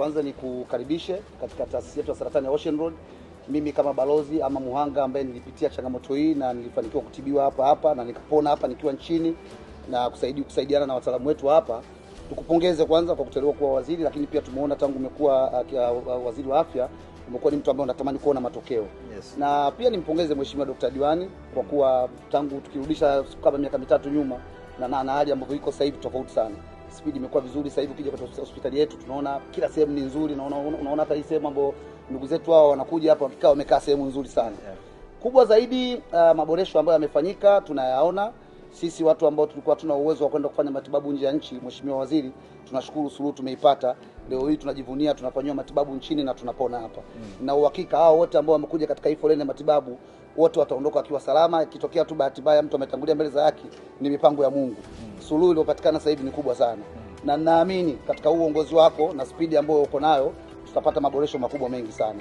Kwanza ni kukaribishe katika taasisi yetu ya saratani ya Ocean Road. Mimi kama balozi ama muhanga ambaye nilipitia changamoto hii na nilifanikiwa kutibiwa hapa hapa na nikapona hapa nikiwa nchini na kusaidia kusaidiana na wataalamu wetu hapa, tukupongeze kwanza kwa kuteuliwa kuwa waziri, lakini pia tumeona tangu umekuwa waziri wa afya umekuwa ni mtu ambaye unatamani kuona matokeo yes. Na pia nimpongeze mheshimiwa Dkt. Diwani kwa kuwa tangu tukirudisha kama miaka mitatu nyuma na na hali ambayo iko sasa hivi tofauti sana speed imekuwa vizuri sasa hivi. Ukija katika hospitali yetu tunaona kila sehemu ni nzuri, na unaona hata hii sehemu ambayo ndugu zetu hao wanakuja hapa wakikaa wamekaa sehemu nzuri sana yeah. Kubwa zaidi uh, maboresho ambayo yamefanyika tunayaona sisi watu ambao tulikuwa tuna uwezo wa kwenda kufanya matibabu nje ya nchi, Mheshimiwa Waziri, tunashukuru suluhu tumeipata. Leo hii tunajivunia, tunafanyiwa matibabu nchini na tunapona hapa mm. na uhakika hao wote ambao wamekuja katika hii foleni ya matibabu wote wataondoka wakiwa salama. Ikitokea tu bahati mbaya mtu ametangulia mbele za haki, ni mipango ya Mungu mm. Suluhu iliyopatikana sasa hivi ni kubwa sana mm. na naamini katika uongozi wako na spidi ambayo uko nayo tutapata maboresho makubwa mengi sana.